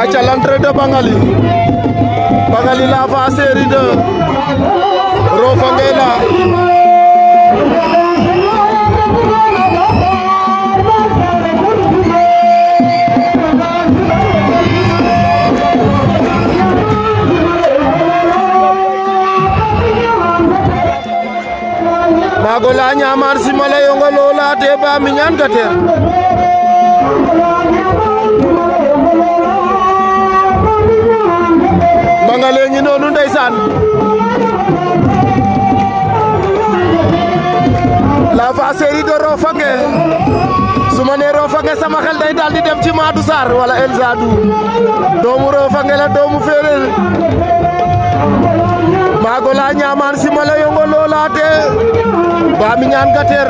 aca l'entrée de Bangali Bangali la fa série de Rofa Ngela Magola nyamar simala yongo lola minyan gater Bangalee ngi noonu ndeysaan la fa série de Rofangue su ma nee sama xel day daal di dem ci Maadou Sarr wala El Zadou doomu Rofangue la doomu Féeréer maago laa ñaamaan si ma la yongo loolaate baa mi ñaan gater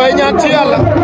vai ñaan